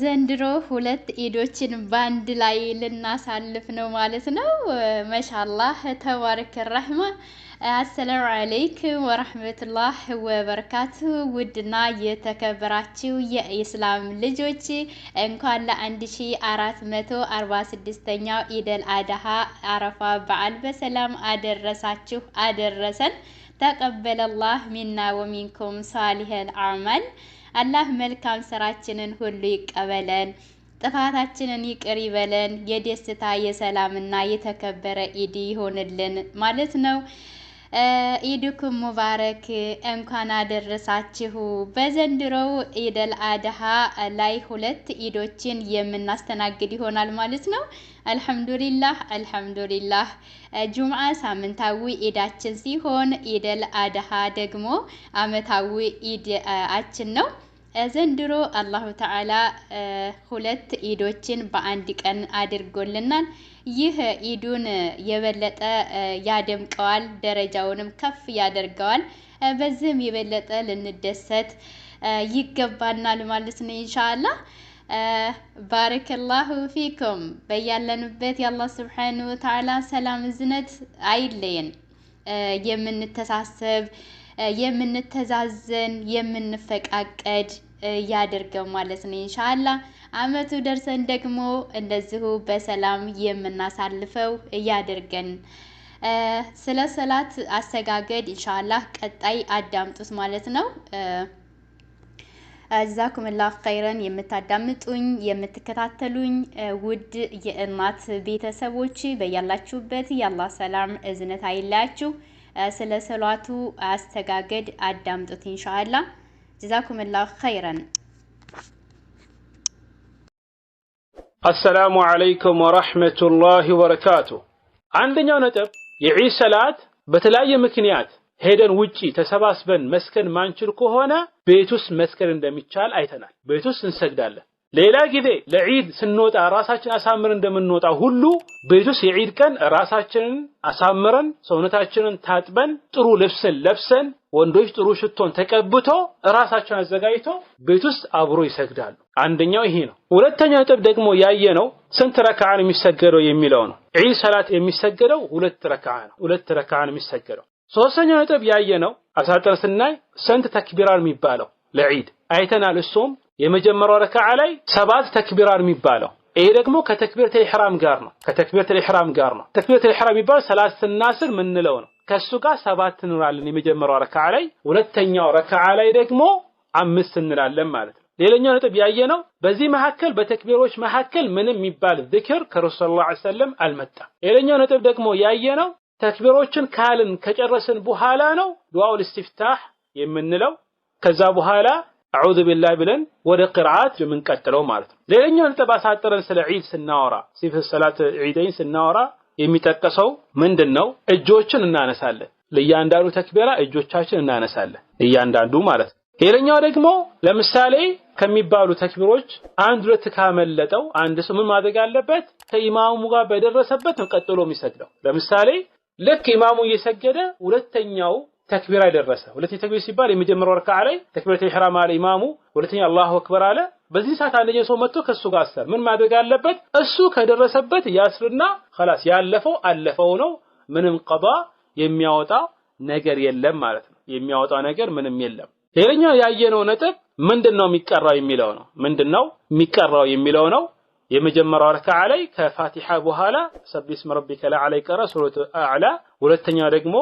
ዘንድሮ ሁለት ኢዶችን በአንድ ላይ ልናሳልፍ ነው ማለት ነው። መሻላህ ተባረክ ራህማ። አሰላሙ አለይኩም ወረህመቱላህ ወበረካቱ። ውድና የተከበራችሁ የኢስላም ልጆች እንኳን ለ1446ኛው ኢደል አድሃ አረፋ በዓል በሰላም አደረሳችሁ አደረሰን። ተቀበለላህ ሚና ወሚንኩም ሳሊህል አዕማል አላህ መልካም ስራችንን ሁሉ ይቀበለን፣ ጥፋታችንን ይቅር ይበለን። የደስታ የሰላምና የተከበረ ኢድ ይሆንልን ማለት ነው። ኢድኩም ሙባረክ እንኳን አደረሳችሁ። በዘንድሮው ኢደል አድሃ ላይ ሁለት ኢዶችን የምናስተናግድ ይሆናል ማለት ነው። አልሐምዱሊላህ አልሐምዱሊላህ። ጁምአ ሳምንታዊ ኢዳችን ሲሆን ኢደል አድሃ ደግሞ አመታዊ አችን ነው። ዘንድሮ አላሁ ተዓላ ሁለት ኢዶችን በአንድ ቀን አድርጎልናል። ይህ ኢዱን የበለጠ ያደምቀዋል፣ ደረጃውንም ከፍ ያደርገዋል። በዚህም የበለጠ ልንደሰት ይገባናል ማለት ነው ኢንሻአላ። ባረከላሁ ፊኩም። በያለንበት የአላህ ስብሓን ወተዓላ ሰላም እዝነት አይለየን። የምንተሳሰብ፣ የምንተዛዘን፣ የምንፈቃቀድ ያድርገው ማለት ነው። ኢንሻአላ አመቱ ደርሰን ደግሞ እንደዚሁ በሰላም የምናሳልፈው ያድርገን። ስለ ሰላት አሰጋገድ ኢንሻአላ ቀጣይ አዳምጡት ማለት ነው። ጀዛኩምላሁ ኸይረን የምታዳምጡኝ የምትከታተሉኝ ውድ የእናት ቤተሰቦች በያላችሁበት የአላህ ሰላም እዝነት አይለያችሁ። ስለ ሰላቱ አስተጋገድ አዳምጡት እንሻላ ጀዛኩም ላሁ ኸይረን። አሰላሙ ዓለይኩም ወረሕመቱላሂ ወበረካቱ። አንደኛው ነጥብ የዒድ ሰላት በተለያየ ምክንያት ሄደን ውጪ ተሰባስበን መስከን ማንችል ከሆነ ቤት ውስጥ መስከን እንደሚቻል አይተናል። ቤት ውስጥ እንሰግዳለን። ሌላ ጊዜ ለዒድ ስንወጣ ራሳችን አሳምረን እንደምንወጣ ሁሉ ቤት ውስጥ የዒድ ቀን ራሳችንን አሳምረን ሰውነታችንን ታጥበን ጥሩ ልብስን ለብሰን ወንዶች ጥሩ ሽቶን ተቀብቶ ራሳቸውን አዘጋጅቶ ቤት ውስጥ አብሮ ይሰግዳሉ። አንደኛው ይሄ ነው። ሁለተኛው ነጥብ ደግሞ ያየ ነው ስንት ረካዓ ነው የሚሰገደው የሚለው ነው። ዒድ ሰላት የሚሰገደው ሁለት ረካዓ ነው። ሁለት ረካዓ ነው የሚሰገደው። ሶስተኛው ነጥብ ያየ ነው አሳጥር ስናይ ስንት ተክቢራር የሚባለው ለዒድ አይተናል። እሱም የመጀመሪያው ረካዓ ላይ ሰባት ተክቢራር የሚባለው ይሄ ደግሞ ከተክቢረተል ኢሕራም ጋር ነው። ከተክቢረተል ኢሕራም ጋር ነው። ተክቢረተል ኢሕራም የሚባል ሰላት ስናስር ምንለው ነው ከሱ ጋር ሰባት እንላለን የመጀመሪያው ረካዓ ላይ፣ ሁለተኛው ረካዓ ላይ ደግሞ አምስት እንላለን ማለት ነው። ሌላኛው ነጥብ ያየ ነው። በዚህ መካከል በተክቢሮች መካከል ምንም የሚባል ዝክር ከረሱል ሰለላሁ ዐለይሂ ወሰለም አልመጣም። ሌላኛው ነጥብ ደግሞ ያየ ነው ተክቢሮችን ካልን ከጨረስን በኋላ ነው ዱዓውል ኢስቲፍታህ የምንለው። ከዛ በኋላ አዑዙ ቢላህ ብለን ወደ ቅርአት የምንቀጥለው ማለት ነው። ሌላኛው ነጥብ አሳጥረን ስለ ዒድ ስናወራ ሲፈ ሰላት ዒደይን ስናወራ የሚጠቀሰው ምንድን ነው? እጆችን እናነሳለን። ለእያንዳንዱ ተክቢራ እጆቻችን እናነሳለን፣ እያንዳንዱ ማለት ነው። ሌላኛው ደግሞ ለምሳሌ ከሚባሉ ተክቢሮች አንድ ሁለት ካመለጠው አንድ ሰው ምን ማድረግ አለበት? ከኢማሙ ጋር በደረሰበት ነው ቀጥሎ የሚሰግደው። ለምሳሌ ልክ ኢማሙ እየሰገደ ሁለተኛው ተክቢር አይደረሰ ሁለተኛ ተክቢር ሲባል የሚጀምረው ረካ ላይ ተክቢረተ ኢህራም አለ ኢማሙ፣ ሁለተኛ አላሁ አክበር አለ። በዚህ ሰዓት አንደኛው ሰው መጥቶ ከሱ ጋር አሰር ምን ማድረግ አለበት? እሱ ከደረሰበት ያስርና ኸላስ፣ ያለፈው አለፈው ነው። ምንም ቀዷ የሚያወጣ ነገር የለም ማለት ነው። የሚያወጣ ነገር ምንም የለም። ሌላኛው ያየነው ነጥብ ምንድነው የሚቀራው የሚለው ነው። ምንድነው የሚቀራው የሚለው ነው። የመጀመሪያው ረካ ላይ ከፋቲሃ በኋላ ሰቢስ መረቢከ ለዓላ ይቀራ ሱረቱ አዕላ፣ ሁለተኛው ደግሞ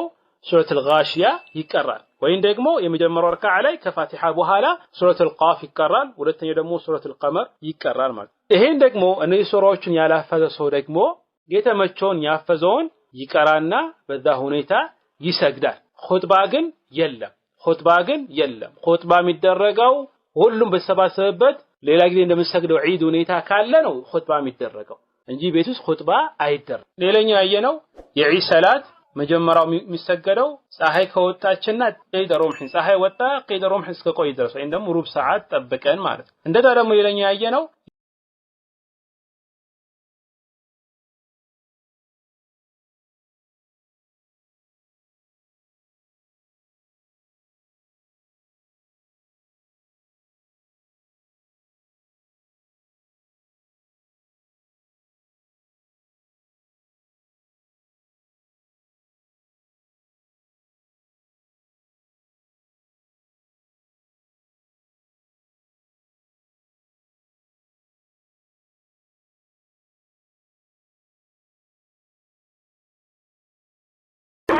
ሱረት አልጋሽያ ይቀራል። ወይም ደግሞ የመጀመሪያው ረካዓ ላይ ከፋቲሃ በኋላ ሱረት አልቃፍ ይቀራል። ሁለተኛው ደግሞ ሱረት አልቀመር ይቀራል ማለት ይሄን ደግሞ እነዚህ ሱራዎችን ያላፈዘ ሰው ደግሞ የተመቸውን ያፈዘውን ይቀራና በዛ ሁኔታ ይሰግዳል። ኹጥባ ግን የለም። ኹጥባ ግን የለም። ኹጥባ የሚደረገው ሁሉም በተሰባሰበበት ሌላ ጊዜ እንደምንሰግደው ዒድ ሁኔታ ካለ ነው ኹጥባ የሚደረገው እንጂ ቤት ውስጥ ኹጥባ አይደረግም። ሌላኛው ያየነው የዒድ ሰላት መጀመሪያው የሚሰገደው ፀሐይ ከወጣችና ቂደ ሩምሕን ፀሐይ ወጣ ቂደ ሩምሕ እስከ ቆይ ድረስ ወይም ደግሞ ሩብ ሰዓት ጠብቀን ማለት ነው። እንደዛ ደግሞ ሌላኛው ያየነው ነው